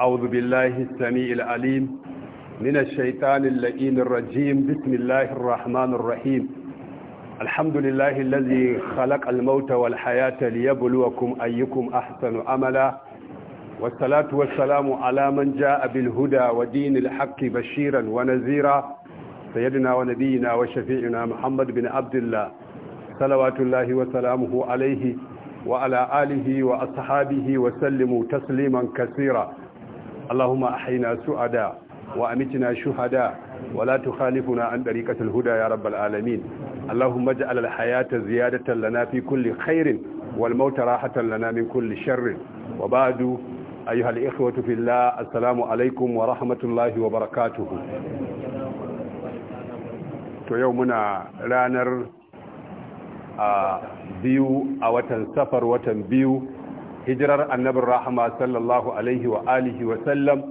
أعوذ بالله السميع العليم من الشيطان اللئيم الرجيم بسم الله الرحمن الرحيم الحمد لله الذي خلق الموت والحياة ليبلوكم أيكم أحسن عملا والصلاة والسلام على من جاء بالهدى ودين الحق بشيرا ونذيرا سيدنا ونبينا وشفيعنا محمد بن عبد الله صلوات الله وسلامه عليه وعلى آله وأصحابه وسلموا تسليما كثيرا اللهم أحينا سعدا وأمتنا شهدا ولا تخالفنا عن طريقة الهدى يا رب العالمين اللهم اجعل الحياة زيادة لنا في كل خير والموت راحة لنا من كل شر وبعد أيها الإخوة في الله السلام عليكم ورحمة الله وبركاته to yau muna ranar a biyu a watan safar watan biyu hijirar annabin rahama sallallahu alaihi wa alihi wa sallam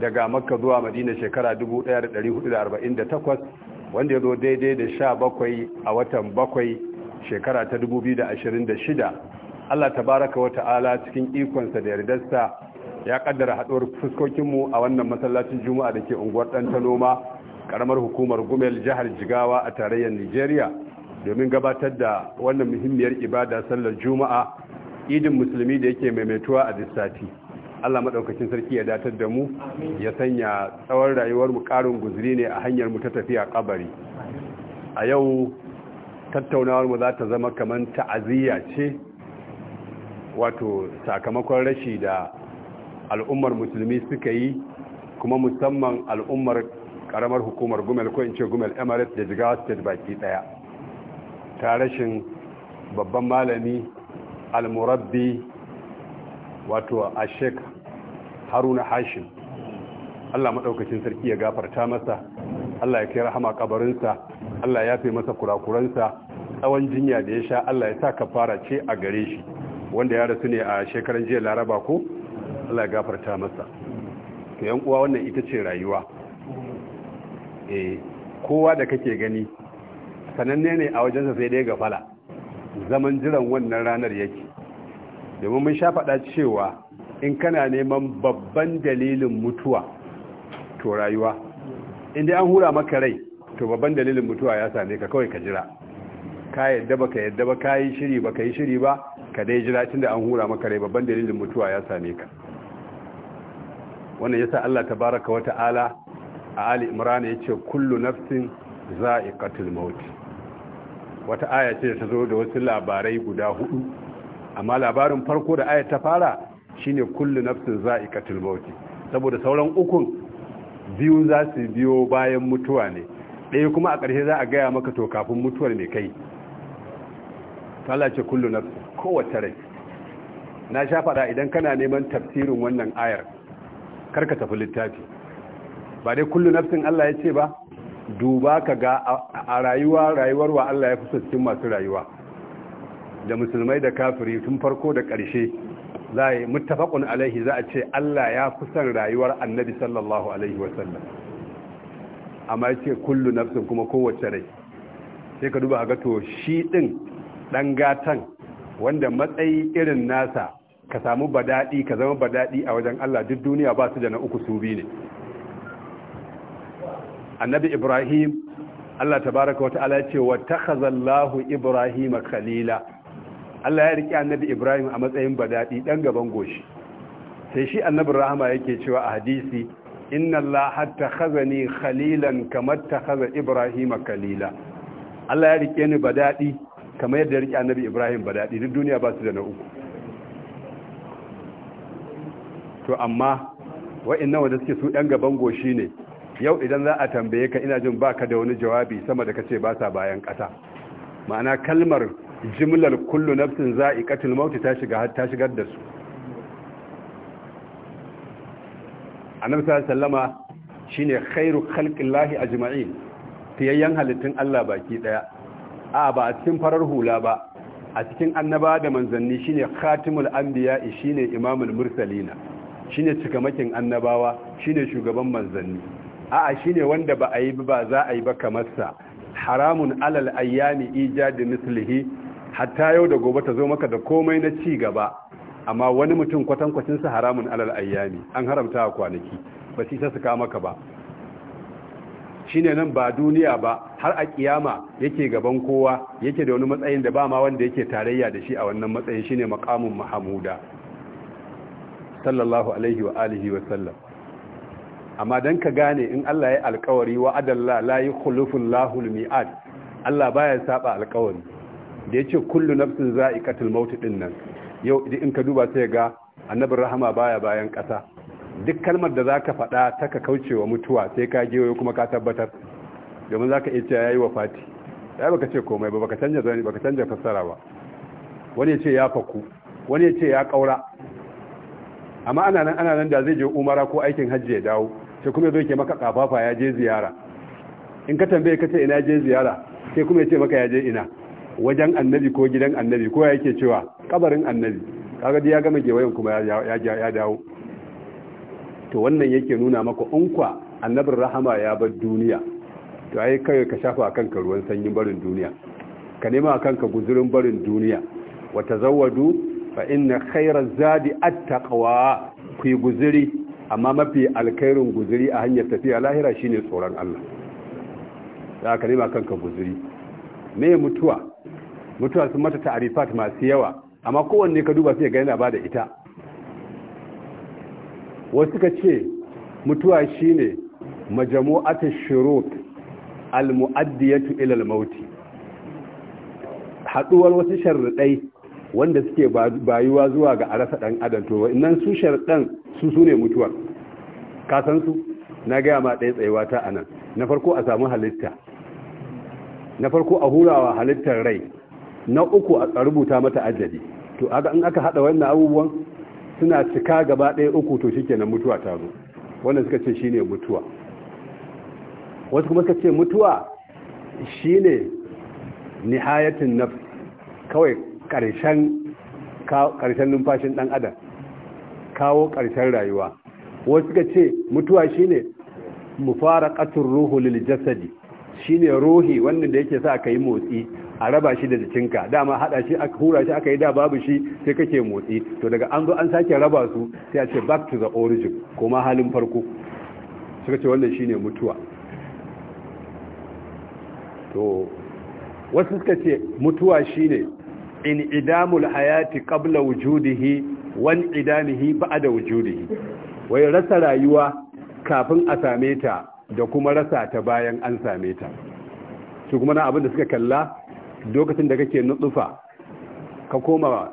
daga makka zuwa madina shekara 1448 wanda ya zo daidai da sha bakwai a watan bakwai shekara ta 2026 Allah ta baraka wa ta'ala cikin ikonsa da yardarsa ya kaddara haɗuwar fuskokinmu a wannan masallacin juma'a da ke unguwar ɗan ta noma ƙaramar hukumar gumel jihar jigawa a tarayyar nigeria domin gabatar da wannan muhimmiyar ibada sallar juma'a idin musulmi da yake maimaituwa a lissafi Allah maɗaukacin sarki ya datar da mu ya sanya tsawon rayuwar mu ƙarin guzuri ne a hanyar mu ta tafiya kabari a yau tattaunawar mu za ta zama kamar ta'aziyya ce wato sakamakon rashi da al'ummar musulmi suka yi kuma musamman al'ummar karamar hukumar gumel ko in ce gumel emirates da jigawa state baki ɗaya ta rashin babban malami al wato a sheik haruna hashim allah maɗaukacin sarki ya gafarta masa allah ya kai rahama kabarinsa allah ya fi masa kurakuransa tsawon jinya da ya sha allah ya sa ka fara ce a gare shi wanda ya rasu ne a shekaran jiya laraba ko allah ya gafarta masa to yan uwa wannan ita ce rayuwa eh, kowa da kake gani sananne ne a wajensa sai dai gafala zaman jiran wannan ranar yake domin mun sha faɗa cewa in kana neman babban dalilin mutuwa to rayuwa inda an hura maka rai to babban dalilin mutuwa ya same ka kawai ka jira ka yadda ba ka yadda ba ka yi shiri ba ka yi shiri ba ka dai jira tun da an hura maka rai babban dalilin mutuwa ya same ka wannan yasa Allah tabaraka wa ta'ala a Ali Imran yace kullu nafsin za'iqatul maut wata aya ce ta zo da wasu labarai guda hudu amma labarin farko da aya ta fara shine kullu nafsin za'iqatul maut saboda sauran ukun biyu za su biyo bayan mutuwa ne ɗaya kuma a ƙarshe za a gaya maka to kafin mutuwar mai kai Allah kullu nafsin kowace rai na sha faɗa idan kana neman tafsirin wannan ayar karka tafi littafi ba dai kullu nafsin Allah ya ce ba duba ka ga a rayuwa rayuwar wa Allah ya fi cikin masu rayuwa da musulmai da kafiri tun farko da ƙarshe za a yi mutafakun alaihi za a ce Allah ya fi rayuwar annabi sallallahu alaihi wasallam amma ce kullu nafsin kuma kowace rai sai ka duba ga to shi ɗin ɗan gatan wanda matsayi irin nasa ka samu badaɗi ka zama badaɗi a wajen Allah duk duniya ba su da na uku su bi ne annabi ibrahim Allah tabaraka wa ta'ala ce wa takhazallahu ibrahima khalila Allah ya riki annabi ibrahim a matsayin badadi dan gaban goshi sai shi annabi rahama yake cewa a hadisi inna allaha takhazani khalilan kama takhaza ibrahima khalila Allah ya rike ni badadi kamar yadda ya rike annabi ibrahim badadi duk duniya ba su da na uku to amma wa'annan wanda suke su dan gaban goshi ne yau idan za a tambaye ka ina jin baka da wani jawabi sama da kace ba sa bayan kasa, ma'ana kalmar jimlar kullu nafsin za'iqatul maut ta shiga ta shigar da su annabi sallallahu alaihi wasallama shine khairu khalqillahi ajma'in tiyayyan halittun Allah baki daya a ba a cikin farar hula ba a cikin annaba da manzanni shine khatimul anbiya shine imamul mursalina shine cikamakin annabawa shine shugaban manzanni a'a shine wanda ba a yi ba za a yi ba kamar sa haramun alal ayyami ijadi mislihi hatta yau da gobe ta zo maka da komai na ci gaba amma wani mutum kwatankwacin sa haramun alal ayyami an haramta a kwanaki ba shi ta suka maka ba shine nan ba duniya ba har a kiyama yake gaban kowa yake da wani matsayin da ba ma wanda yake tarayya da shi a wannan matsayin shine maqamun mahmuda sallallahu alaihi wa alihi wa sallam amma don ka gane in Allah ya alkawari wa adalla la yi Allahu lahul miad Allah baya saba alkawari da ya ce kullu nafsin za'iqatul maut din nan yau in ka duba sai ga annabin rahama baya bayan ƙasa duk kalmar da zaka faɗa ta ka kauce wa mutuwa sai ka gewayo kuma ka tabbatar domin zaka iya cewa yayi wafati sai baka ce komai ba baka canja zani baka canja fassara ba wani ya ce ya faku wani ya ce ya kaura amma ana nan ana nan da zai je umara ko aikin hajji ya dawo sai kuma zo ke maka kafafa ya je ziyara in ka tambaye ka ce ina je ziyara sai kuma ya ce maka ya je ina wajen annabi ko gidan annabi ko yake cewa kabarin annabi kaga ya gama gewayen kuma ya dawo to wannan yake nuna maka unkwa annabin rahama ya bar duniya to ai kai ka shafa kanka ruwan sanyin barin duniya ka nema kanka guzurin barin duniya wa tazawwadu fa inna khayra zadi at-taqwa ku guzuri amma mafi alkairin guzuri a hanyar tafiya lahira shine tsoron Allah za ka nema kanka guzuri me mutuwa mutuwa sun mata ta'arifat masu yawa amma kowanne ka duba sai ga yana bada ita wasu ka ce mutuwa shine majamu'atu shurut almu'addiyatu ila Mauti, haduwar wasu sharadai wanda suke bayuwa zuwa ga arasa ɗan adam to innan su sharadan su su ne mutuwar kasansu na gaya ma ɗaya tsayewa ta a nan na farko a samu halitta na farko a hurawa halittar rai na uku a rubuta mata ajali to aga in aka hada wannan abubuwan suna cika gaba ɗaya uku to shikenan mutuwa ta zo wannan suka ce shine mutuwa wasu kuma suka ce mutuwa shine nihayatin nafsi kawai karshen numfashin dan adam kawo ƙarshen rayuwa wasu suka ce mutuwa shine mufaraqatur ruhu lil jasadi shine ruhi wannan da yake sa ka yi motsi a raba shi da jikinka dama hada shi aka hura shi aka yi da babu shi sai kake motsi to daga an zo an sake raba su sai a ce back to the origin kuma halin farko suka ce wannan shine mutuwa to wasu suka ce mutuwa shine in idamul hayati qabla wujudihi Wani idanihi da wujudihi wai rasa rayuwa kafin a same ta da kuma rasa ta bayan an same ta su kuma na abin da suka kalla lokacin da kake nutsufa ka koma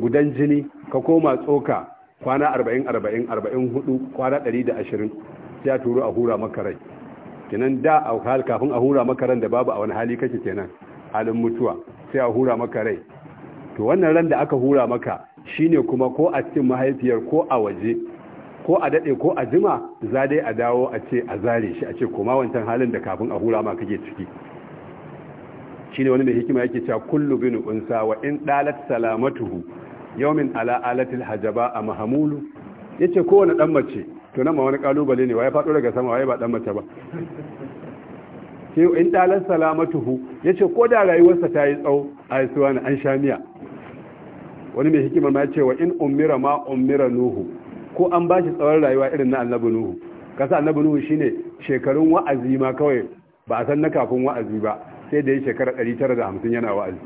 gudan jini ka koma tsoka kwana 40-40-44 kwana 120 ya turu a hura makarai kenan da a hal kafin a hura makaran da babu a wani hali kake kenan halin mutuwa sai a hura makarai to wannan ran da aka hura maka shine kuma ko a cikin mahaifiyar ko a waje ko a daɗe ko a jima za dai a dawo a ce a zare shi a ce koma wancan halin da kafin a hura ma kake ciki shine wani mai hikima yake cewa kullu bin unsa wa in dalat salamatuhu yawmin ala alatil hajaba a mahamulu yace kowane dan mace to nan ma wani kalubale ne waye fado daga sama waye ba dan mace ba sai in dalat salamatuhu yace ko da rayuwarsa ta yi tsawo a yasuwa an shamiya wani mai hikima ma ce wa in ummira ma ummira nuhu ko an ba shi tsawon rayuwa irin na annabi nuhu kasa annabi nuhu shi ne shekarun wa'azi ma kawai ba a san na kafin wa'azi ba sai da ya shekara 950 yana wa'azi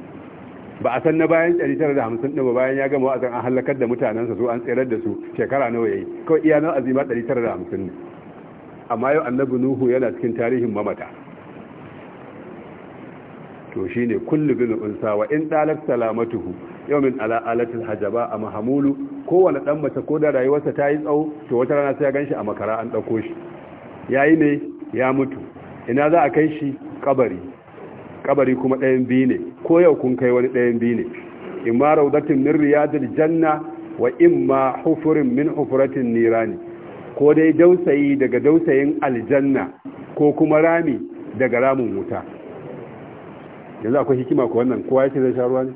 ba a san na bayan 950 din ba bayan ya gama wa'azin an halakar da mutanensa su an tsirar da su shekara nawa yayi kawai iya wa'azi ma 950 ne amma yau annabi nuhu yana cikin tarihin mamata to shine kullu bin unsa wa in dalak salamatuhu yawmin ala alatil hajaba a mahamulu kowane dan mace ko da rayuwarsa ta yi tsawo to wata rana sai ya ganshi a makara an dauko shi yayi ne ya mutu ina za a kai shi kabari kabari kuma ɗayan biyu ne ko yau kun kai wani ɗayan biyu ne imma raudatin min riyadil janna wa imma hufurin min hufuratin nirani ko dai dausayi daga dausayin aljanna ko kuma rami daga ramin wuta yanzu akwai hikima ko wannan kowa yake zai sha ruwa ne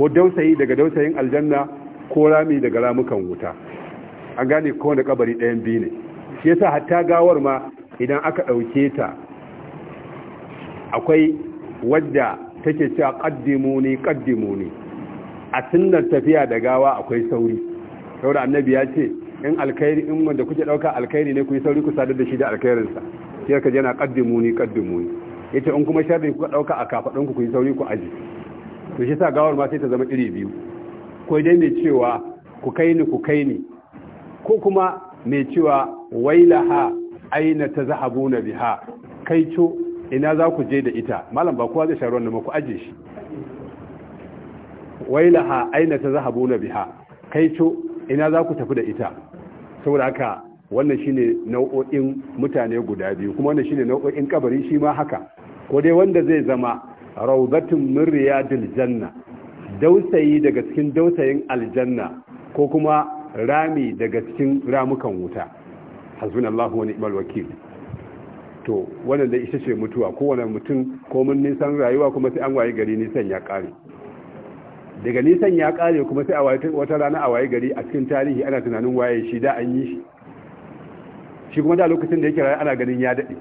ko dausayi daga dausayin aljanna ko rami daga ramukan wuta an gane ko wanda kabari ɗayan biyu ne shi yasa hatta gawar ma idan aka ɗauke ta akwai wadda take cewa qaddimuni qaddimuni a sunnar tafiya da gawa akwai sauri saboda annabi ya ce in alkhairi in wanda kuke dauka alkhairi ne ku yi sauri ku sadar da shi da sa sai ka je na qaddimuni qaddimuni yace in kuma sharri ku dauka a kafadun ku ku yi sauri ku aji to shi sa gawar ma sai ta zama iri biyu ko dai mai cewa ku kai ni ku kai ni ko kuma mai cewa wailaha aina ta na biha kai co ina za ku je da ita malam ba kowa zai sharu wannan nan ku aje shi wailaha aina ta na biha kai co ina za ku tafi da ita saboda haka wannan shine nau'o'in mutane guda biyu kuma wannan shine nau'o'in kabari shi ma haka ko dai wanda zai zama raudatun min riyadil janna dausayi daga cikin dausayin aljanna ko kuma rami daga cikin ramukan wuta hasbunallahu wa ni'mal wakil to wannan da ita ce mutuwa kowane mutum komin nisan rayuwa kuma sai an waye gari nisan ya kare daga nisan ya kare kuma sai a wata rana a waye gari a cikin tarihi ana tunanin waye shi da an yi shi shi kuma da lokacin da yake rayuwa ana ganin ya daɗe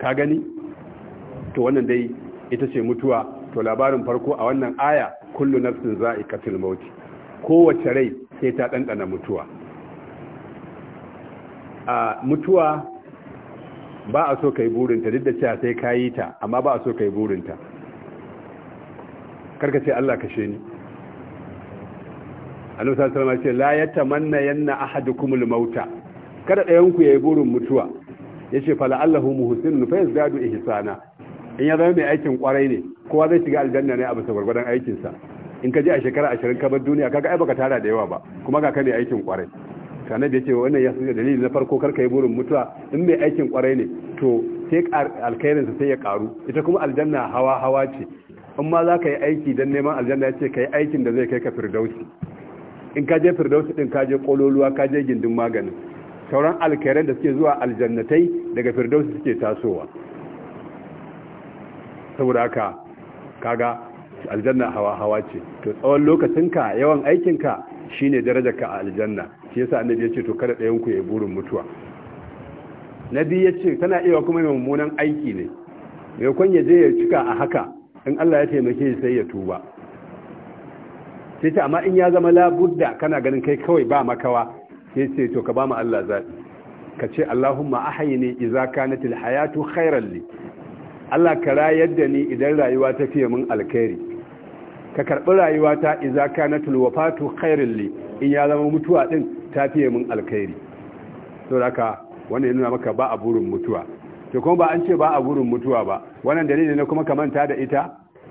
ka gani to wannan dai ita ce mutuwa to labarin farko a wannan aya kullu nafsin za'iqatul maut kowace rai sai ta dandana mutuwa a mutuwa ba a so kai burinta duk da cewa sai kayi ta amma ba a so kai burinta karka ce Allah kashe ni annabi sallallahu alaihi wasallam ce la yatamanna yanna al mauta kada ɗayan ku yayi burin mutuwa yace fala allahu muhsinun fa yazdadu ihsana in ya zama mai aikin kwarai ne kowa zai shiga aljanna ne a bisa gwargwadon aikinsa in ka je a shekara ashirin kamar duniya kaga ai baka tara da yawa ba kuma ga ka mai aikin kwarai kana da ce wannan ya sanya dalili na farko karka yi burin mutuwa in mai aikin kwarai ne to sai alkhairinsa sai ya karu ita kuma aljanna hawa hawa ce in ma za ka yi aiki don neman aljanna ya ce ka yi aikin da zai kai ka firdausi in ka je firdausi din ka je kololuwa ka je gindin maganin sauran alkhairan da suke zuwa aljannatai daga firdausi suke tasowa saboda haka kaga aljanna hawa hawa ce to tsawon lokacin ka yawan aikin ka shine ka a aljanna shi yasa annabi ya ce to kada ɗayan ku ya burin mutuwa nabi ya ce tana iya kuma mai mummunan aiki ne mai kwan ya je ya cika a haka in Allah ya taimake shi sai ya tuba sai ta amma in ya zama budda kana ganin kai kawai ba makawa sai ce to ka ba mu Allah zabi ka ce Allahumma ahayni idza kanatil hayatu khairan li Allah ka rayar da ni idan rayuwa ta fiye min alkhairi ka karɓi rayuwa ta iza na wafatu khairin li in ya zama mutuwa din ta fiye min alkhairi to haka wannan yana maka ba a burin mutuwa to kuma ba an ce ba a burin mutuwa ba wannan dalili ne kuma ka manta da ita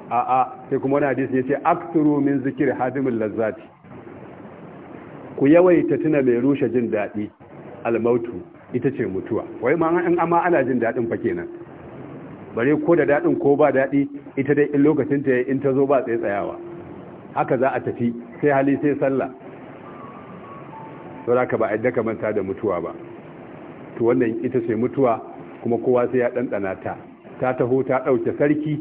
a a sai kuma wani hadisi yace akturu min zikir hadimul lazzati ku yawaita tuna mai rushe jin daɗi almautu ita ce mutuwa wai ma an amma ana jin daɗin fa kenan bare ko da daɗin ko ba daɗi ita dai in lokacin ta in ta zo ba tsaye tsayawa haka za a tafi sai hali sai sallah saboda ka ba a ka manta da mutuwa ba to wannan ita sai mutuwa kuma kowa sai ya ɗanɗana ta ta taho ta ɗauke sarki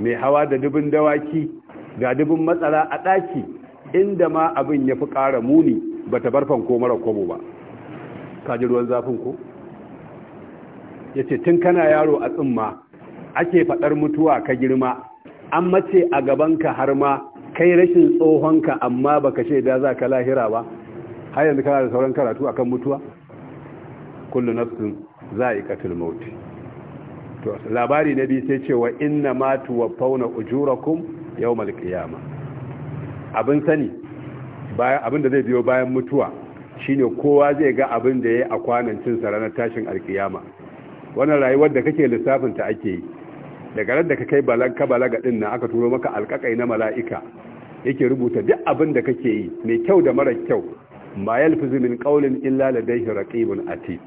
mai hawa da dubin dawaki ga dubin matsala a ɗaki inda ma abin ya fi ƙara muni ba ta fanko fanko mara kwabo ba Ka ji ruwan zafin ko yace tun kana yaro a tsimma ake faɗar mutuwa ka girma an mace a gabanka har ma kai rashin tsohonka amma baka shaida za ka lahira ba har yanzu kana da sauran karatu akan mutuwa kullu nafsin za'iqatul maut to labari nabi sai ce wa inna ma tuwaffawna ujurakum yawmal qiyamah abin sani abin da zai biyo bayan mutuwa shine kowa zai ga abin da yayi a kwanancin sa ranar tashin alkiyama wannan rayuwar da kake lissafin ta ake yi daga ran da ka kai Kabala balaga ɗin nan aka turo maka alƙaƙai na mala'ika yake rubuta duk abin da kake yi mai kyau da mara kyau ma yalfizu min qawlin illa ladayhi raqibun atid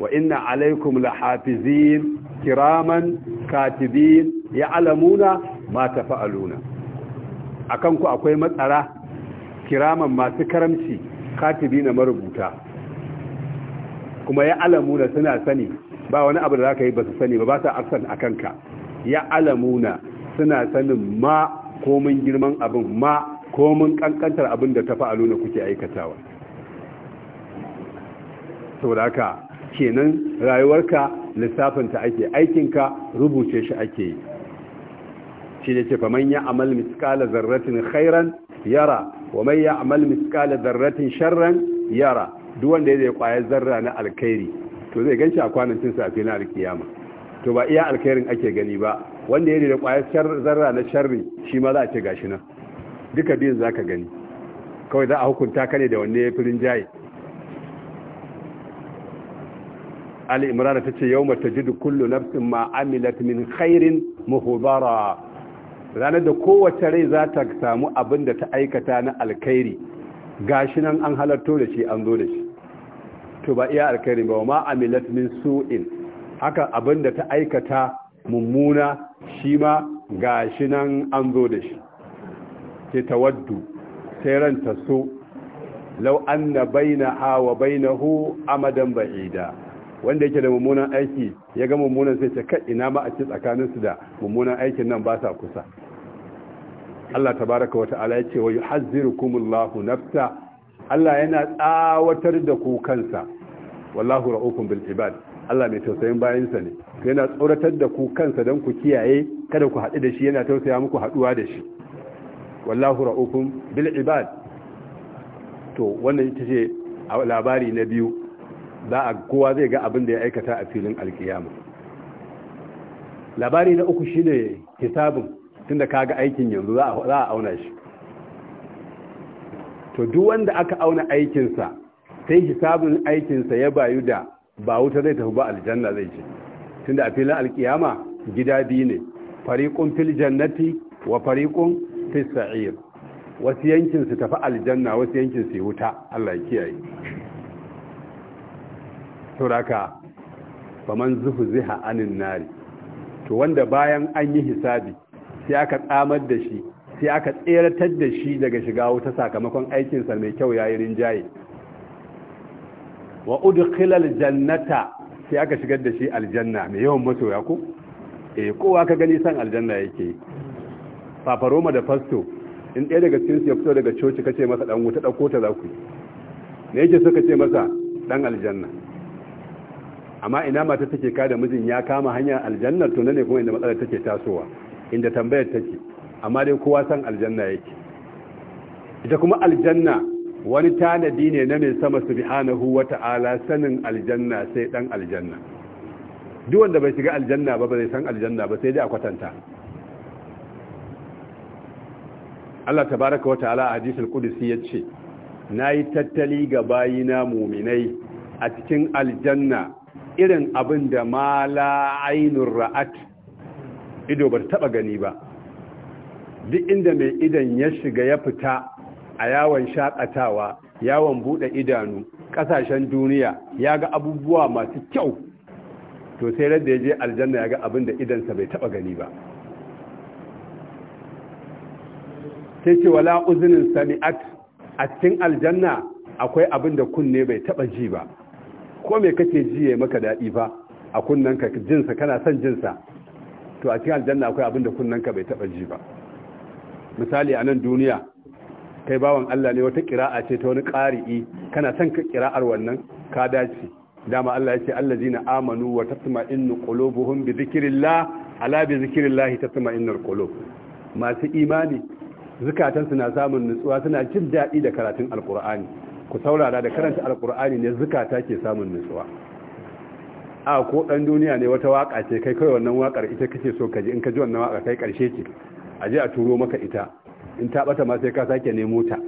wa inna alaykum lahafizin kiraman katibin ya'lamuna ma tafa'aluna akan ku akwai matsara kiraman masu karamci na marubuta kuma ya'lamuna suna sani ba wani abu da zaka yi ba su sani ba ba sa arsan akanka ya alamuna suna sanin ma komin girman abin ma komin kankantar abin da ta fa'aluna kuke aikatawa saboda haka kenan rayuwarka lissafinta ake aikinka rubuce shi ake yi shi ne ce fa ya amal miskala zarratin khairan yara wa man ya amal miskala zarratin sharran yara duk wanda ya zai kwayar zarra na alkhairi to zai ganci a kwanancin safi na alkiyama to ba iya alkhairin ake gani ba wanda ya da kwayar zarra na sharri shi ma za a ce gashi nan duka biyun za ka gani kawai za a hukunta ka ne da wanne ya fi rinjaye ali imrana ta ce yau mata jidu kullu nafsin ma amilat min khairin muhubara ranar da kowace rai za ta samu abin da ta aikata na alkhairi gashi nan an halarto da shi an zo da shi to ba iya alkhairi ba ma amilat min su'in haka abin da ta aikata mummuna shi ma ga shi nan an zo da shi ke waddu sai ranta so lau anna bainaha wa bainahu amadan ba'ida wanda yake da mummunan aiki ya ga mummunan sai ta kai ina ma tsakanin su tsakaninsu da mummunan aikin nan ba sa kusa Allah tabaraka wa ta'ala ya ce wa yuhazzirukumullahu nafsa Allah yana tsawatar da ku kansa wallahu Ra'ukun bil ibad Allah mai tausayin bayansa ne yana tsoratar da ku kansa don ku kiyaye kada ku haɗu da shi yana tausaya muku haɗuwa da shi wallahu ra'ukum bil ibad to wannan ita ce labari na biyu za a kowa zai ga abin da ya aikata a filin alkiyama labari na uku shine hisabin tunda kaga aikin yanzu za a auna shi to duk wanda aka auna aikinsa sai hisabin aikinsa ya bayu da ba wuta zai tafi ba aljanna zai ce tunda a filin alkiyama gida biyu ne fariqun fil jannati wa fariqun fis sa'ir wasu yankin su tafi aljanna wasu yankin su yi wuta Allah ya kiyaye man zuhu ziha anin nari to wanda bayan an yi hisabi sai aka tsamar da shi sai aka tseratar da shi daga shiga wuta sakamakon aikinsa mai kyau yayin rinjaye wa udkhila aljannata sai aka shigar da shi aljanna mai yawan masoya ko eh kowa ka gani san aljanna yake Papa Roma da Fasto, in ɗaya daga cikin su ya fito daga coci kace masa dan wuta dauko ta zaku ne yake so ce masa dan aljanna amma ina mata take ka da mijin ya kama hanyar aljanna to ne kuma inda matsalar take tasowa inda tambayar take amma dai kowa san aljanna yake ita kuma aljanna wani tanadi ne na mai sama subhanahu wata'ala sanin aljanna sai dan aljanna duk wanda bai shiga aljanna ba bai san aljanna ba sai dai a kwatanta Allah tabaraka wata'ala a hadisul qudsi yace nayi tattali ga bayina mu'minai a cikin aljanna irin abin da mala ra'at ido bar taba gani ba duk inda mai idan ya shiga ya fita a yawon shakatawa yawon bude idanu kasashen duniya ya ga abubuwa masu kyau to sai da ya je aljanna ya ga abin da idansa bai taɓa gani ba sai ce wala uzinin sami'at a cikin aljanna akwai abin da kunne bai taɓa ji ba ko me kake ji ya maka daɗi ba a kunnanka jinsa kana son jinsa to a cikin aljanna akwai abin da kunnanka bai taɓa ji ba misali a nan duniya kai bawan Allah ne wata kira'a ce ta wani ƙari'i kana son ka kira'ar wannan ka dace dama Allah ya ce allazina amanu wa tatma'innu qulubuhum bi dhikrillah ala bi dhikrillah tatma'innul qulub masu imani zukatan suna samun nutsuwa suna jin daɗi da karatun alqur'ani ku saurara da karanta alqur'ani ne zukata ke samun nutsuwa a ko dan duniya ne wata waka ce kai kai wannan wakar ita kake so ka ji in ka ji wannan waka kai karshe ce aje a turo maka ita in ta bata ma sai ka sake nemo ta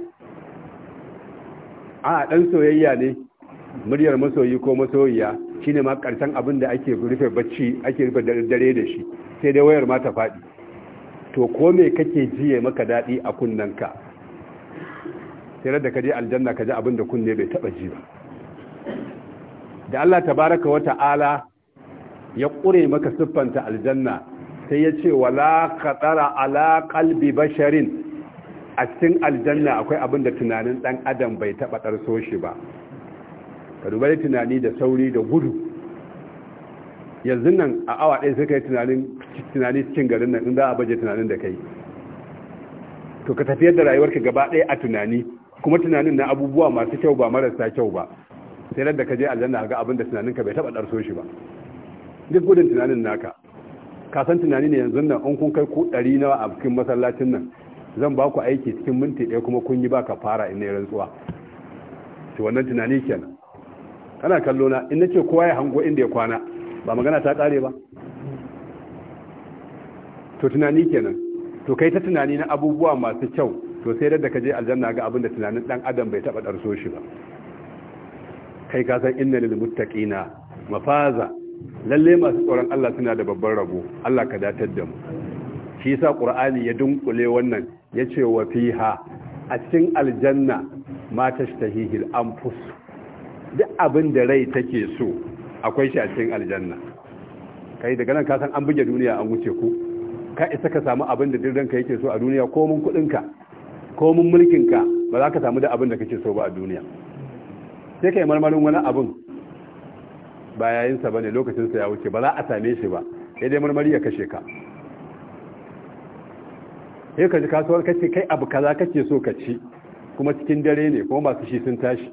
a dan soyayya ne muryar masoyi ko masoyiya shine ma karshen abin da ake rufe bacci ake rufe dare da shi sai dai wayar ma ta faɗi to ko me kake jiye maka daɗi a ka? sai da ka je aljanna ka ji abin da kunne bai taɓa ji ba da Allah tabaraka wa ta'ala ya ƙure maka siffanta aljanna sai ya ce wala tsara ala kalbi basharin a cikin aljanna akwai abin da tunanin dan adam bai taɓa ɗarso shi ba ka duba da tunani da sauri da gudu yanzu nan a awa ɗaya suka ka yi tunani cikin garin nan in za a baje tunanin da kai to ka tafiyar da rayuwarka gaba ɗaya a tunani kuma tunanin na abubuwa masu kyau ba marasa kyau ba sai da ka je aljanna ga abin da tunaninka bai taɓa ɗarso shi ba duk gudun tunanin naka ka san tunani ne yanzu nan an kun kai ku ɗari nawa a cikin masallacin nan zan ba ku aiki cikin minti ɗaya kuma kun yi baka fara in rantsuwa to wannan tunani kenan kana kallo na in nace kowa ya hango inda ya kwana ba magana ta kare ba to tunani kenan to kai ta tunani na abubuwa masu kyau to sai da ka je aljanna ga abin da tunanin dan adam bai taba darso shi ba kai ka san inna lil muttaqina mafaza lalle masu tsoron Allah suna da babban rabo Allah ka datar da mu shi yasa qur'ani ya dunkule wannan yace wa fiha a cikin aljanna ma tashtahihil anfus duk abin da rai take so akwai shi a cikin aljanna kai daga nan ka san an buge duniya an wuce ku ka isa ka samu abin da duk ka yake so a duniya ko mun kudin ka ko mun mulkin ka ba za ka samu da abin da kake so ba a duniya sai kai marmarin wani abin ba yayin sa bane lokacin sa ya wuce ba za a same shi ba sai dai marmari ya kashe ka sai ka ji kasuwar kace kai abu kaza kake so ka ci kuma cikin dare ne kuma masu shi sun tashi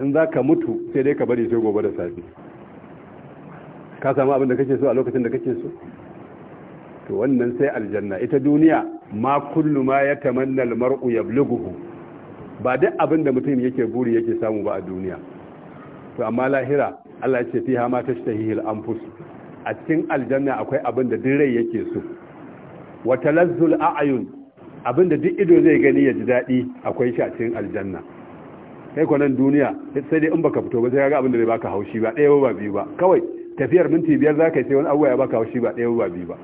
in za ka mutu sai dai ka bari sai gobe da safe ka samu abin da kake so a lokacin da kake so to wannan sai aljanna ita duniya ma kullu ma ya tamanna almar'u yablughu ba duk abin da mutum yake buri yake samu ba a duniya to amma lahira Allah ya ce fiha ma tashtahihi al-anfus a cikin aljanna akwai abin da duk yake so wa talazzul a'yun abinda duk ido zai gani ya ji dadi akwai shi a cikin aljanna kai ko nan duniya sai dai in baka fito ba sai ka ga abinda bai baka haushi ba ɗaya ba biyu ba kawai tafiyar minti biyar zaka yi sai wani abuwa ya baka haushi ba ɗaya ba biyu ba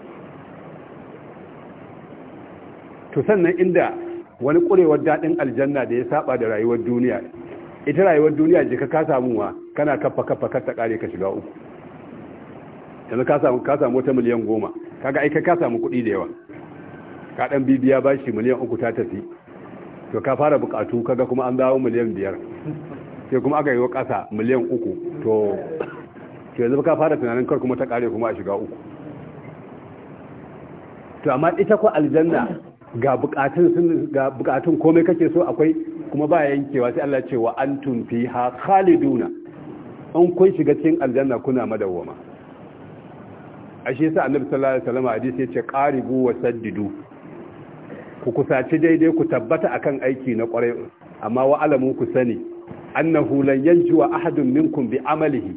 to sannan inda wani kurewar dadin aljanna da ya saba da rayuwar duniya ita rayuwar duniya je ka ka samuwa kana kafa kafa ka ta kare ka shiga uku yanzu ka samu wata miliyan goma kaga ai ka samu kuɗi da yawa ka dan bibiya bashi miliyan uku ta tafi to ka fara bukatu kaga kuma an dawo miliyan biyar sai kuma aka yi wa ƙasa miliyan uku to ke yanzu ka fara tunanin kar kuma ta kare kuma a shiga uku to amma ita ko aljanna ga bukatun sun ga bukatun komai kake so akwai kuma ba yankewa sai Allah ya ce wa antum fiha khaliduna an kun shiga cikin aljanna kuna madawwama ashe sai annabi sallallahu alaihi wasallam hadisi ce qaribu wa saddidu ku kusaci daidai ku tabbata akan aiki na kwarai amma wa alamu ku sani annahu lan yanjuwa ahadun minkum bi amalihi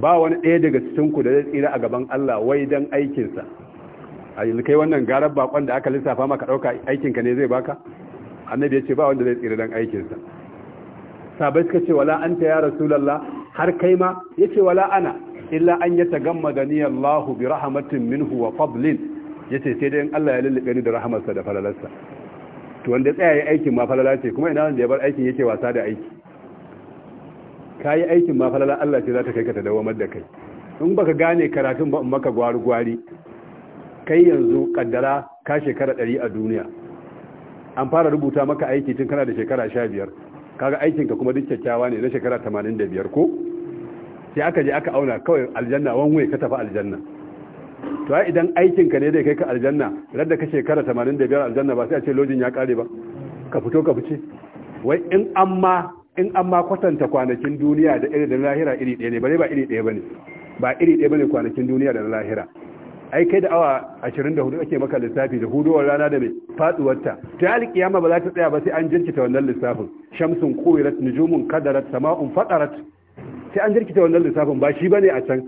ba wani ɗaya daga cikin ku da zai tsira a gaban Allah wai dan aikin sa a yanzu kai wannan garar bakon da aka lissafa maka dauka aikin ka ne zai baka annabi ya ce ba wanda zai tsira dan aikin sa sabai suka ce wala anta ya rasulullah har kai ma yace wala ana illa an yatagammadani Allahu bi rahmatin minhu wa fadlin ya ce sai dai in Allah ya lullube ni da rahamarsa da falalarsa to wanda tsaya ya aikin ma falala ce kuma ina wanda ya bar aikin yake wasa da aiki ka aikin ma falala Allah ce za ta kai ka ta dawamar da kai in baka gane karatun ba in maka gwari gwari kai yanzu kaddara ka shekara 100 a duniya an fara rubuta maka aiki tun kana da shekara sha biyar aikin ka kuma duk kyakkyawa ne na shekara tamanin biyar ko sai aka je aka auna kawai aljanna wanwaye ka tafi aljanna to ai idan aikin ka ne da kai ka aljanna radda ka shekara 85 aljanna ba sai a ce lojin ya kare ba ka fito ka fice wai in amma in amma kwatanta kwanakin duniya da irin da lahira iri ɗaya ne bare ba iri ɗaya bane ba iri ɗaya bane kwanakin duniya da lahira ai kai da awa 24 ake maka lissafi da hudowar rana da mai faduwar ta hali kiyama ba za ta tsaya ba sai an jirkita wannan lissafin shamsun kuwirat nujumun kadarat sama'un fadarat sai an jirkita wannan lissafin ba shi bane a can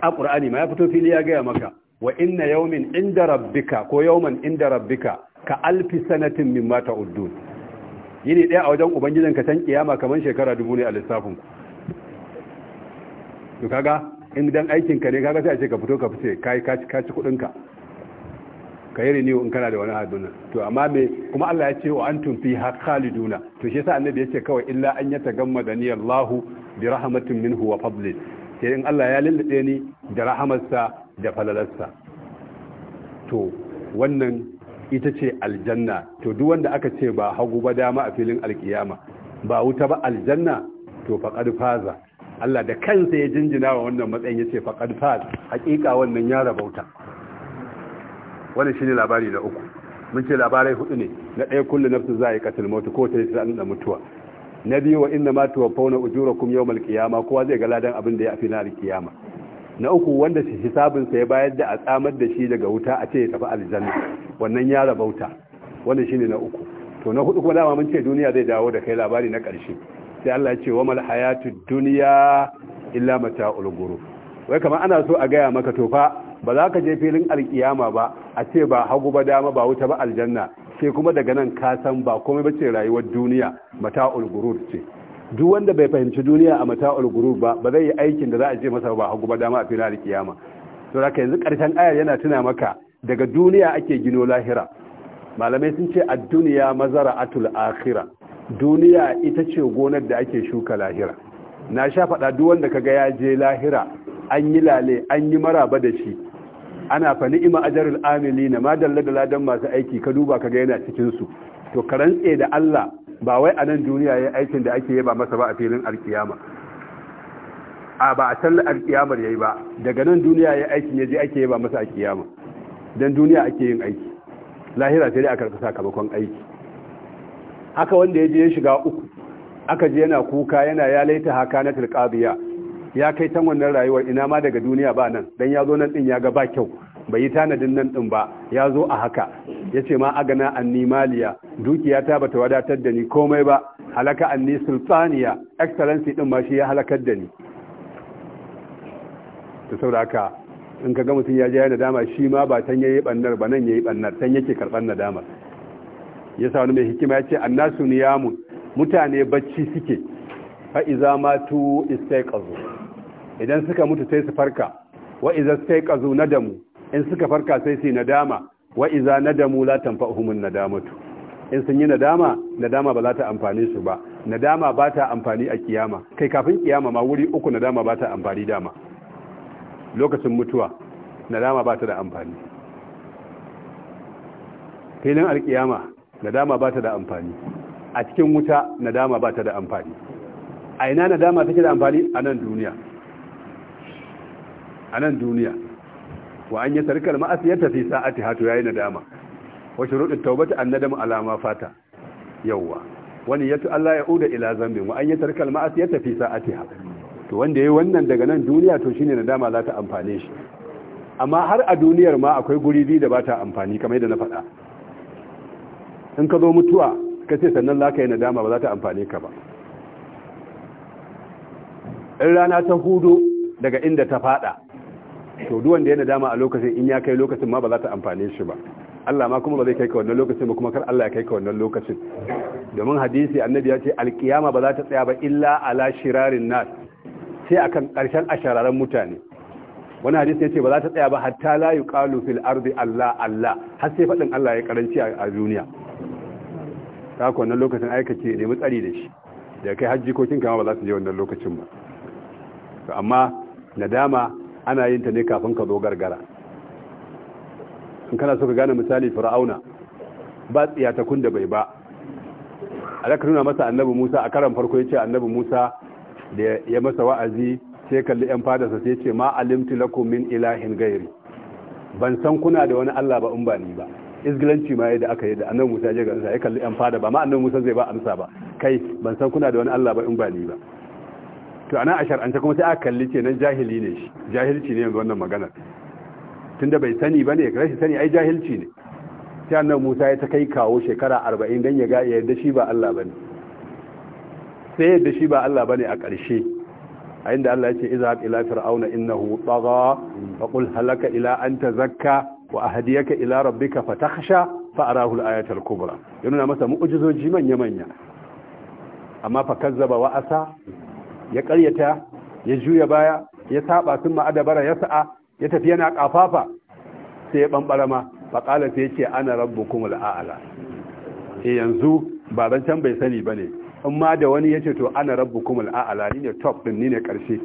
a ƙur'ani ma ya fito fili ya gaya maka wa inna yawmin inda rabbika ko yawman inda rabbika ka alfi sanatin mimma ta'uddun yini ɗaya a wajen ubangijin ka tan kiyama kaman shekara dubu ne a lissafin ku to kaga in dan aikin ka ne kaga sai a ce ka fito ka fice kai ka ci ka ci kudin ka ka yi renew in kana da wani haduna to amma me kuma Allah ya ce wa antum fi khaliduna to shi yasa annabi yace kawai illa an yatagammadani Allahu bi rahmatin minhu wa fadlin ke in Allah ya lullube ni da rahamarsa da falalarsa to wannan ita ce aljanna to duk wanda aka ce ba hagu ba dama a filin alkiyama ba wuta ba aljanna to faqad faza Allah da kansa ya jinjina wa wannan matsayin yace faqad faza hakika wannan ya rabauta wannan shine labari na uku mun ce labarai hudu ne na ɗaya kullu nafsu za'iqatul maut ko ta yi an da mutuwa na biyu wa inna ma tuwaffawna ujurakum yawmal qiyama kowa zai ga ladan abin da ya fi na alkiyama na uku wanda hisabin sa ya bayar da a tsamar da shi daga wuta a ce ya tafi aljanna wannan ya rabauta wannan shine na uku to na hudu kuma dama mun ce duniya zai dawo da kai labari na karshe sai Allah ya ce wa mal hayatud dunya illa mata'ul ghurur wai kamar ana so a gaya maka to fa ba za ka je filin alkiyama ba a ce ba hagu ba dama ba wuta ba aljanna ce kuma daga nan ka san ba komai bace rayuwar duniya mata'ul gurur ce duk wanda bai fahimci duniya a mata'ul gurur ba ba zai yi aikin da za a je masa ba hagu ba dama a da kiyama to haka yanzu karshen ayar yana tuna maka daga duniya ake gino lahira malamai sun ce a duniya atul akhira duniya ita ce gonar da ake shuka lahira na sha faɗa duk wanda ka ga ya je lahira an yi lale an yi maraba da shi ana fa ni'ima ajrul amilina ma dalla da ladan masu aiki ka duba kaga yana cikin su to karantse da Allah ba wai a nan duniya yayin aikin da ake yaba masa ba a filin alkiyama a ba a sallar alkiyamar yayi ba daga nan duniya yayin aikin yaje ake yaba masa a dan duniya ake yin aiki lahira sai dai a karkasa sakamakon aiki haka wanda yaje ya shiga uku aka je yana kuka yana ya laita haka na tilqabiya ya kai can wannan rayuwar ina ma daga duniya ba nan dan ya zo nan din ya ga ba kyau bai yi tanadin nan din ba ya zo a haka ya ce ma agana anni maliya dukiya ta bata wadatar da ni komai ba halaka anni sultaniya excellency din ma shi ya halakar da ni to saboda haka in ka ga mutum ya je ya nadama shi ma ba tan yayi bannar ba nan yayi bannar tan yake karban nadama yasa wani mai hikima ya ce annasu niyamun mutane bacci suke fa iza matu istaiqazu idan suka mutu sai su farka wa iza istaiqazu nadamu in suka farka sai su nadama wa iza nadamu la tanfa'uhum nadamatu in sun yi nadama nadama ba za ta amfane su ba nadama ba ta amfani a kiyama kai kafin kiyama ma wuri uku nadama ba ta amfani dama lokacin mutuwa nadama ba ta da amfani filin alkiyama nadama ba ta da amfani a cikin wuta nadama ba ta da amfani a ina nadama take da amfani a nan duniya a nan duniya wa an yi tarkar ma'asiyarta fi sa'ati hato yayi nadama wa shuruɗin taubata an nadamu alama fata yawwa wani yatu Allah ya uda ila zambin wa an yi tarkar ma'asiyarta fi sa'ati ha to wanda yayi wannan daga nan duniya to shine nadama za ta amfane shi amma har a duniyar ma akwai guri bi da ba ta amfani kamar yadda na faɗa in ka zo mutuwa ka ce sannan za ka yi nadama ba za ta amfane ka ba in rana ta hudo daga inda ta fada to duk wanda yana dama a lokacin in ya kai lokacin ma ba za ta amfane shi ba Allah ma kuma ba zai kai ka wannan lokacin ba kuma kar Allah ya kai ka wannan lokacin domin hadisi annabi ya ce alkiyama ba za ta tsaya ba illa ala shirarin nas sai akan karshen ashararan mutane wani hadisi ya ce ba za ta tsaya ba hatta la yuqalu fil ardi Allah Allah har sai fadin Allah ya karanci a duniya ta wannan lokacin aikace ne mu tsari da shi da kai hajji ko kin kama ba za su je wannan lokacin ba su amma nadama ana yin ta ne kafin ka zo gargara in kana so ka gane misali fir'auna ba tsiyatakun da bai ba alaka nuna masa annabi musa a karan farko ya ce annabi musa da ya masa wa'azi sai kalli yan fadarsa sai ce ma alimti lakum min ilahin gairi ban san kuna da wani allah ba in ba ni ba izgilanci ma yadda aka yi da annabi musa ya ga ya kalli yan fada ba ma annabi musa zai ba amsa ba kai ban san kuna da wani allah ba in ba ni ba to ana a shar'anta kuma sai aka kalli ce nan jahili ne shi jahilci ne yanzu wannan magana tunda bai sani ba ne rashin sani ai jahilci ne sai annabi Musa ya ta kai kawo shekara 40 dan ya ga yadda shi ba Allah bane sai yadda shi ba Allah bane a ƙarshe a inda Allah ya ce izhab ila fir'auna innahu tagha fa qul halaka ila an tazakka wa ahdiyaka ila rabbika fatakhsha fa arahu al-ayata al-kubra yana masa mu'jizoji manya manya amma fa kazzaba wa asa ya ƙaryata ya juya baya ya saba sun ma'adabara ya sa'a ya tafi yana ƙafafa sai ya ɓanɓara ma faƙala sai ce ana rabu kuma la'ala e eh, yanzu ba can bai sani ba ne in ma da wani ya ce to ana rabu kuma la'ala ni ne top ɗin ni ne ƙarshe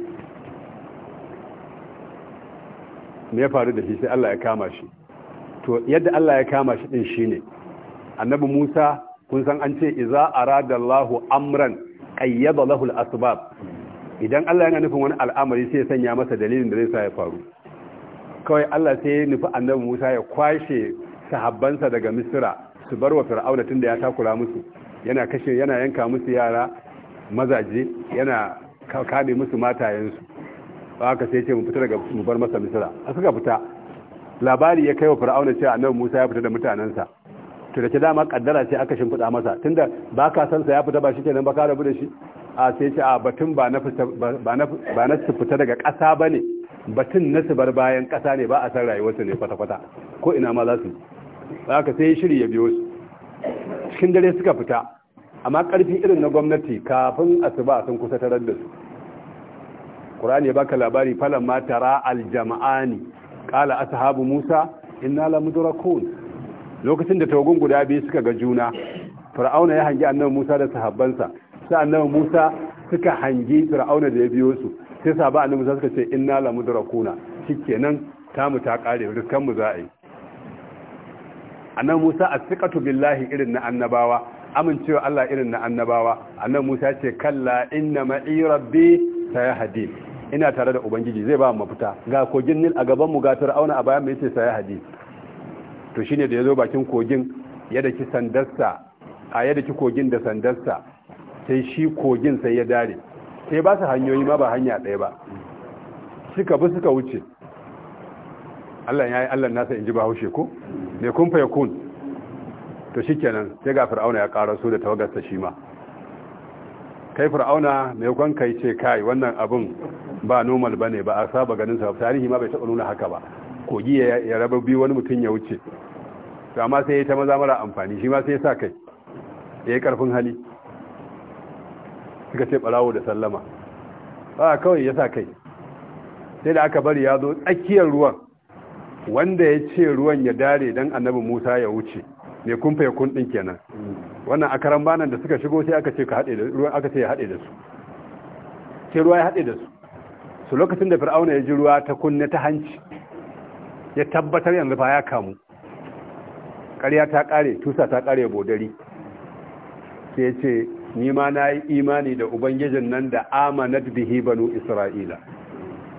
me ya faru da shi sai Allah ya kama shi to yadda Allah ya kama shi ɗin shi ne annabi Musa kun san an ce iza aradallahu amran qayyada lahu al-asbab idan Allah yana nufin wani al'amari sai ya sanya masa dalilin da zai sa ya faru kawai Allah sai ya nufi annabi Musa ya kwashe sahabbansa daga Misra su bar wa Fir'auna tunda ya takura musu yana kashe yana yanka musu yara mazaje yana kame musu matayensu haka sai ce mu fita daga mu bar masa Misra suka fita labari ya kai wa Fir'auna cewa annabi Musa ya fita da mutanansa to dama kaddara ce aka shimfiɗa masa tunda ba ka san sa ya fita ba shi kenan ba ka rabu da shi a sai ce a batun ba na su fita daga ƙasa ba ne batun na su bar bayan ƙasa ne ba a san rayuwarsu ne kwata-kwata ko ina ma za su ba ka sai shiri ya biyo su cikin dare suka fita amma ƙarfi irin na gwamnati kafin asuba sun kusa tarar da su ya baka labari falon matara aljama'ani ƙala ashabu musa inna la lokacin da togun guda biyu suka ga juna fir'auna ya hangi annabi Musa da sahabbansa sai annabi Musa suka hangi fir'auna da ya biyo su sai sahaba annabi Musa suka ce inna la mudrakuna shikenan tamu ta kare rukan mu za'i. a annabi Musa asiqatu billahi irin na annabawa amincewa Allah irin na annabawa annabi Musa ce kalla inna ma'i rabbi sayahdi ina tare da ubangiji zai ba mu mafita ga kogin nil a gaban mu ga fir'auna a bayan mai yace sayahdi to shine da ya zo bakin kogin ya daki sandarsa a ya daki kogin da sandarsa sai shi kogin sai ya dare sai ba su hanyoyi ma ba hanya ɗaya ba suka bi suka wuce Allah ya yi Allah nasa in ji ba haushe ko mai kun fa yakun to shikenan sai ga fir'auna ya ƙara su da tawagarsa shi ma kai fir'auna mai kwan kai ce kai wannan abin ba nomal normal ne ba a saba ganin sa tarihi ma bai taɓa nuna haka ba kogi ya raba biyu wani mutum ya wuce to amma sai ya ta maza mara amfani shi ma sai ya sa kai ya yi karfin hali suka ce barawo da sallama ba kawai ya sa kai sai da aka bari ya zo tsakiyar ruwan wanda ya ce ruwan ya dare don annabi musa ya wuce mai kumfa ya kun ɗin kenan wannan a karan banan da suka shigo sai aka ce ruwan aka ce ya haɗe da su sai ruwa ya haɗe da su su lokacin da fir'auna ya ji ruwa ta kunne ta hanci ya tabbatar yanzu fa ya kamu ƙarya ta ƙare tusa ta ƙare bodari sai ce ni ma na yi imani da ubangijin nan da amanat bihi banu isra'ila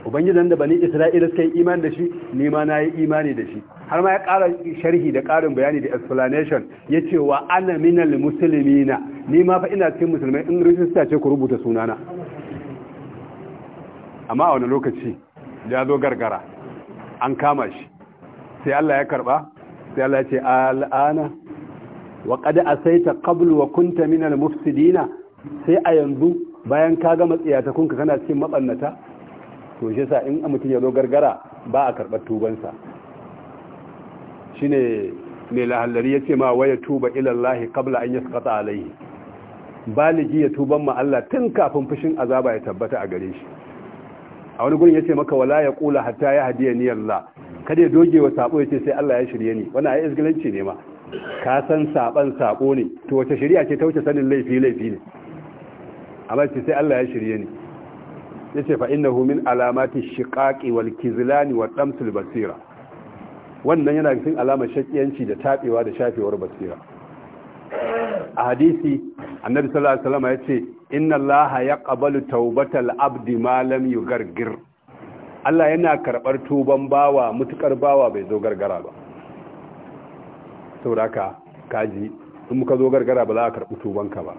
ubangijin nan da bani isra'ila suka yi imani da shi ni ma na yi imani da shi har ma ya ƙara sharhi da ƙarin bayani da explanation ya ce wa ana minal musulmina ni ma fa ina cikin musulmai in rijista ce ku rubuta sunana amma a wani lokaci ya zo gargara an kama shi sai Allah ya karba sai Allah ce al'ana wa qad asaita qabl wa kunta min al mufsidina sai a yanzu bayan ka gama tsiyata kunka kana cikin matsannata to shi sa in mutum ya zo gargara ba a karɓar sa shine mai lahallari ya ce ma waya tuba ilallahi kabla an yasqata alaihi baligi ya tuban ma Allah tun kafin fushin azaba ya tabbata a gare shi a wani gurin yace maka wala ya ƙula hatta ya hadiya ni Allah kada ya doge wa sabo yace sai Allah ya shirye ni wannan ai izgilanci ne ma ka san saban sabo ne to wace shari'a ce ta wuce sanin laifi laifi ne amma ce sai Allah ya shirye ni yace fa innahu min alamati shiqaqi wal kizlani wa damsul basira wannan yana cikin alamar shakiyanci da tabewa da shafewar basira a hadisi annabi sallallahu alaihi wasallam yace inna allaha yaqbalu tawbatal abdi ma lam yugargir Allah yana karɓar tuban bawa mutukar bawa bai zo gargara ba sauraka kaji in muka zo gargara ba za a karɓi tubanka ba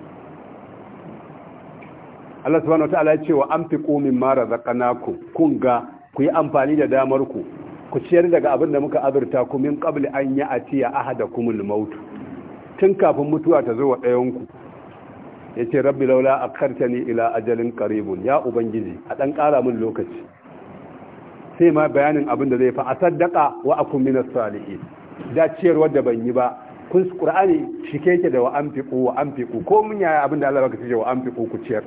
Allah subhanahu ya ce fi komin mara razaqnakum kun ga ku yi amfani da damar ku ku ciyar daga abin da muka abirta ku min ƙabli an yi a hada kumul mautu tun kafin mutuwa ta zo wa ɗayanku ku yace rabbi laula a ni ila ajalin karibun ya ubangiji a ɗan ƙara min lokaci sai ma bayanin abin da zai fa asaddaqa wa akum minas salihin da ciyarwar da ban yi ba kun qur'ani shike yake da wa anfiqu wa anfiqu ko mun yaya abin da Allah baka ce wa anfiqu ku ciyar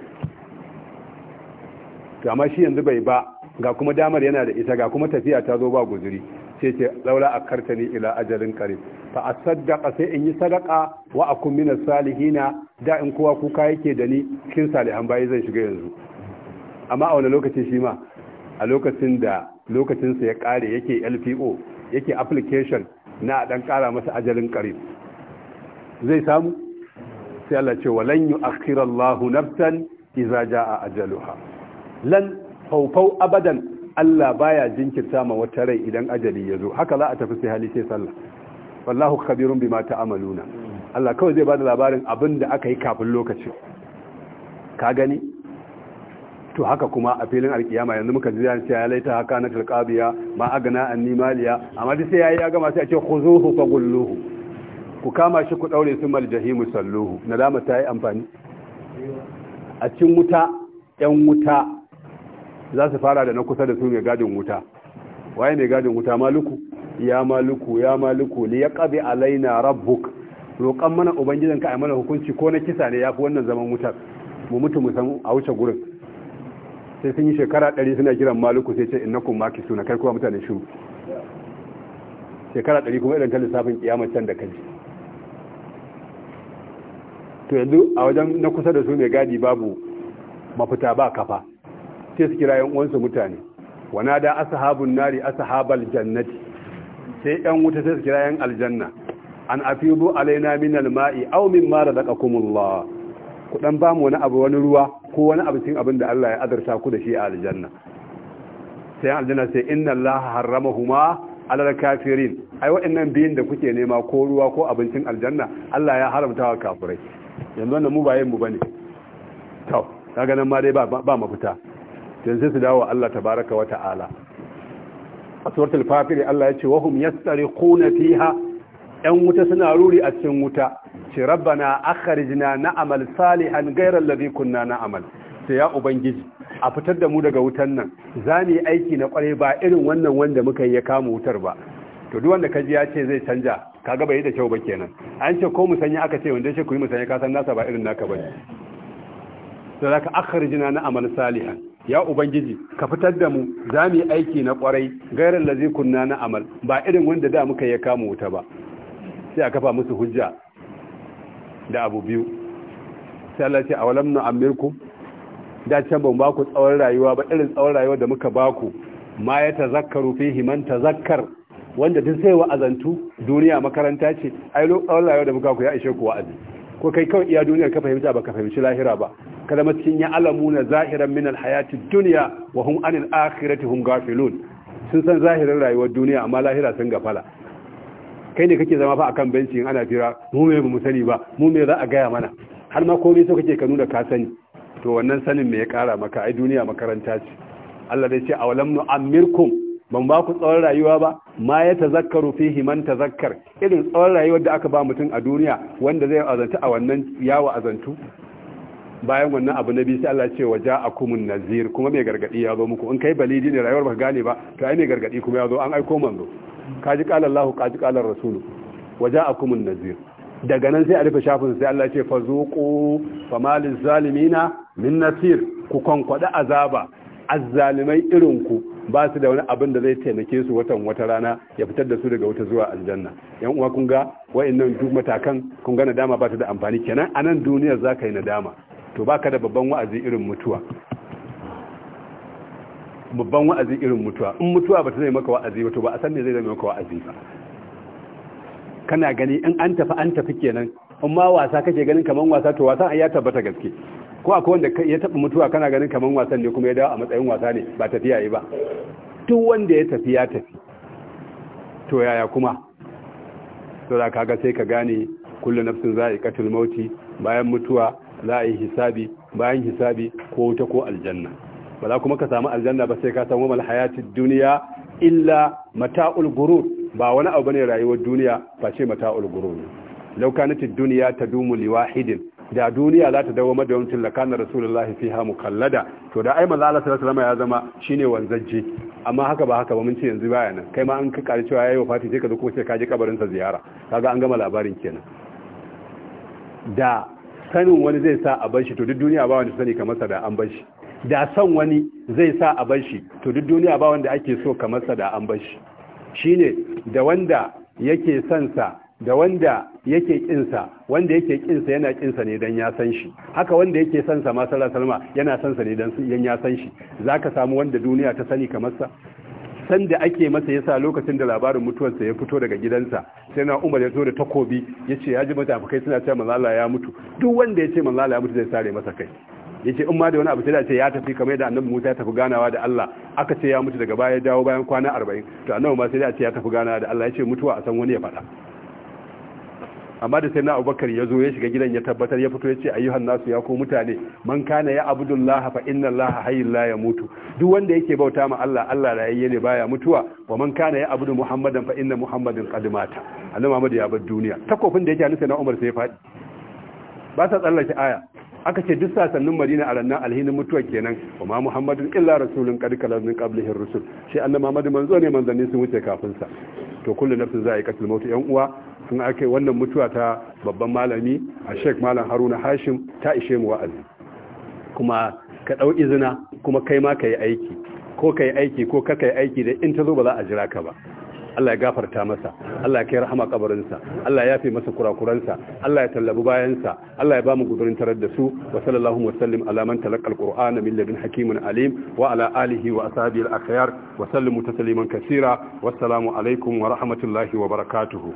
to amma shi yanzu bai ba ga kuma damar yana da ita ga kuma tafiya ta zo ba guzuri sai ce laula akartani ila ajalin qarib fa asaddaqa sai in yi sadaqa wa akum minas salihina da in kowa kuka yake da ni cikin salihan bayi zan shiga yanzu amma a wani lokaci shi ma a lokacin da lokacinsa ya ƙare yake lpo yake application na ɗan ƙara masa ajalin ƙarib zai samu sai Allah ce wa lan yu'akhirallahu nafsan idza jaa ajaluha lan faufau abadan Allah baya jinkirta ma wata rai idan ajali ya zo haka za a tafi sai hali sai sallah wallahu khabirun bima ta'maluna Allah kawai zai bada labarin abin da aka yi kafin lokaci ka gani to haka kuma a filin alkiyama yanzu muka ji zai ya laita haka na tilqabiya ma agana anni maliya amma duk sai yayi ya gama sai a ce khuzuhu fa gulluhu ku kama shi ku daure su mal jahimu salluhu nadama ta yi amfani a cin wuta yan wuta za su fara da na kusa da su mai gadin wuta waye mai gadin wuta maluku ya maluku ya maluku li yaqbi alaina rabbuk roƙan mana ubangijinka a mana hukunci ko na kisa ne yafi wannan zaman wutar mu mutu mu san a wuce gurin sai sun yi shekara ɗari suna kiran maluku sai ce kun maki suna kai kuma mutane shu. shekara ɗari kuma irin ta lissafin kiyamar can da kaji to yanzu a wajen na kusa da su mai gadi babu mafita ba kafa sai su kira yan mutane wana da asahabun nari Asahabal jannati sai yan wuta sai su kira yan aljanna an bu alaina minal ma'i aw ma razaqakumullah ku dan ba mu wani abu wani ruwa ko wani abu cikin abin da Allah ya azarta ku da shi a aljanna sai aljanna sai inna Allah harramahuma alal kafirin ai wa'annan biyun da kuke nema ko ruwa ko abincin aljanna Allah ya haramta wa kafirai yanzu wannan mu ba yin mu bane to kaga nan ma dai ba ba mafita sai su dawo Allah tabaraka wa ta'ala a suratul fatir Allah ya ce wa hum yastariquna fiha yan wuta suna ruri a cikin wuta ce rabbana amal na'mal salihan ghayra alladhi kunna amal sai ya ubangiji a fitar da mu daga wutan nan za mu yi aiki na kwarai ba irin wannan wanda muka yi ya kama wutar ba to duk wanda kaji ya ce zai canja kaga bai da kyau ba kenan an ce ko musanya aka ce wanda shi ku yi musanya ka san nasa ba irin naka bane to zaka amal na'mal salihan ya ubangiji ka fitar da mu za mu yi aiki na kwarai gairar lazi kunna na amal ba irin wanda da muka yi ya kama wuta ba sai a kafa musu hujja da abu biyu sai Allah ce awalam na amirku da can ban ba ku tsawon rayuwa ba irin tsawon rayuwa da muka baku. ku ma ya tazakkaru fihi man tazakkar wanda duk sai wa'azantu duniya makaranta ce ai tsawon rayuwa da muka ku ya ishe ku wa'azi ko kai kawai iya duniyar ka fahimta ba ka fahimci lahira ba kada cikin ya alamu na zahiran min hayati duniya, wa hum anil akhirati hum gafilun sun san zahirin rayuwar duniya amma lahira sun gafala kai ne kake zama fa akan benci in ana jira mu me mu sani ba mu me za a gaya mana har ma komai so kake ka nuna ka sani to wannan sanin me ya kara maka ai duniya makaranta ce Allah dai ce awalam nu amirkum ban ba ku tsawon rayuwa ba ma ya tazakkaru fihi man tazakkar irin tsawon rayuwar da aka ba mutum a duniya wanda zai azanta a wannan yawo azantu bayan wannan abu na biyu sai Allah ce waja akumun nazir kuma mai gargadi ya zo muku in kai balidi ne rayuwar ba gane ba to ai mai gargadi kuma ya zo an aiko manzo kaji kala Allah kaji Waje Rasul waja'akumun nazir daga nan sai a rufe shafin sai Allah ce fazuqu famalil zalimina min nasir ku konkwada azaba azzalimai irin ku ba su da wani abin da zai taimake su watan wata rana ya fitar da su daga wata zuwa aljanna yan uwa kun ga wayannan duk matakan kun ga nadama ba ta da amfani kenan anan duniyar zaka yi nadama to baka da babban wa'azi irin mutuwa babban wa'azi irin mutuwa in mutuwa ba ta zai maka wa'azi ba to ba a san ne zai zai maka wa'azi ba kana gani in an tafi an tafi kenan in ma wasa kake ganin kamar wasa to wasan ai ya tabbata gaske ko akwai wanda ya taɓa mutuwa kana ganin kamar wasan ne kuma ya dawo a matsayin wasa ne ba tafiya yi ba duk wanda ya tafi ya tafi to yaya kuma to da kaga sai ka gane kullu nafsin za'iqatul mauti bayan mutuwa za a hisabi bayan hisabi ko wuta ko aljanna ba kuma ka samu aljanna ba sai ka samu mal hayatid duniya illa mata'ul gurur ba wani abu bane rayuwar duniya ba ce mata'ul gurur law kanat ad-dunya tadumu wahidin. da duniya za ta dawo da mutum lakana rasulullahi fiha mukallada to da ai manzo Allah sallallahu alaihi ya zama shine wanzaje amma haka ba haka ba mun ce yanzu baya nan kai ma an ka kare cewa yayi wafati sai ka zo kuma sai ka je kabarin sa ziyara kaga an gama labarin kenan da sanin wani zai sa a bar shi to duk duniya ba wani sani kamar sa da an bar shi da son wani zai sa a bar shi to duk duniya ba wanda ake so kamar sa da an bar shi shine da wanda yake son sa da wanda yake kin sa, wanda yake kin sa yana kin sa ne dan ya san shi haka wanda yake son sa ma sallallahu alaihi yana son sa ne dan yan ya san shi zaka samu wanda duniya ta sani kamar sa san da ake masa yasa lokacin da labarin mutuwarsa ya fito daga gidansa sai na umar ya zo da takobi yace ce ya ji matafakai suna cewa manzala ya mutu duk wanda ya ce manzala ya mutu zai sare masa kai yace in ma da wani abu sai da ce ya tafi kamar da annabi Musa ya tafi ganawa da Allah aka ce ya mutu daga baya ya dawo bayan kwana 40 to annabi ma sai da ce ya tafi ganawa da Allah yace mutuwa a san wani ya faɗa amma da sai na abubakar ya zo ya shiga gidan ya tabbatar ya fito ya ce ayyuhan nasu ya ko mutane man kana ya abudullaha fa inna allaha hayyul la yamutu duk wanda yake bauta ma Allah Allah rayayye ne baya mutuwa wa man kana ya abudu muhammadan fa inna muhammadan qad mata annabi Muhammad ya bar duniya takofin da yake hannunsa na Umar sai ya fadi ba sa tsallake aya aka ce duk sasannin madina a ranar alhinin mutuwa kenan wa ma muhammadin illa rasulun qad min kablihin rusul shi annabi muhammadu manzo ne manzanni sun wuce kafin sa to a yi za'iqatul maut yan uwa sun ake wannan mutuwa ta babban malami a sheik malam haruna hashim ta ishe mu wa'azi kuma ka dau izina kuma kai ma ka yi aiki ko ka yi aiki ko ka yi aiki da in ta zo ba za a jira ka ba Allah ya gafarta masa Allah ya kai rahama kabarinsa Allah ya yafe masa kurakuransa Allah ya tallabi bayansa Allah ya ba mu gudurin tarar da su wa sallallahu wa sallim ala man talaqa alqur'ana min ladun hakimin alim wa ala alihi wa ashabihi al-akhyar wa sallimu tasliman kaseera wassalamu alaikum wa rahmatullahi wa barakatuhu.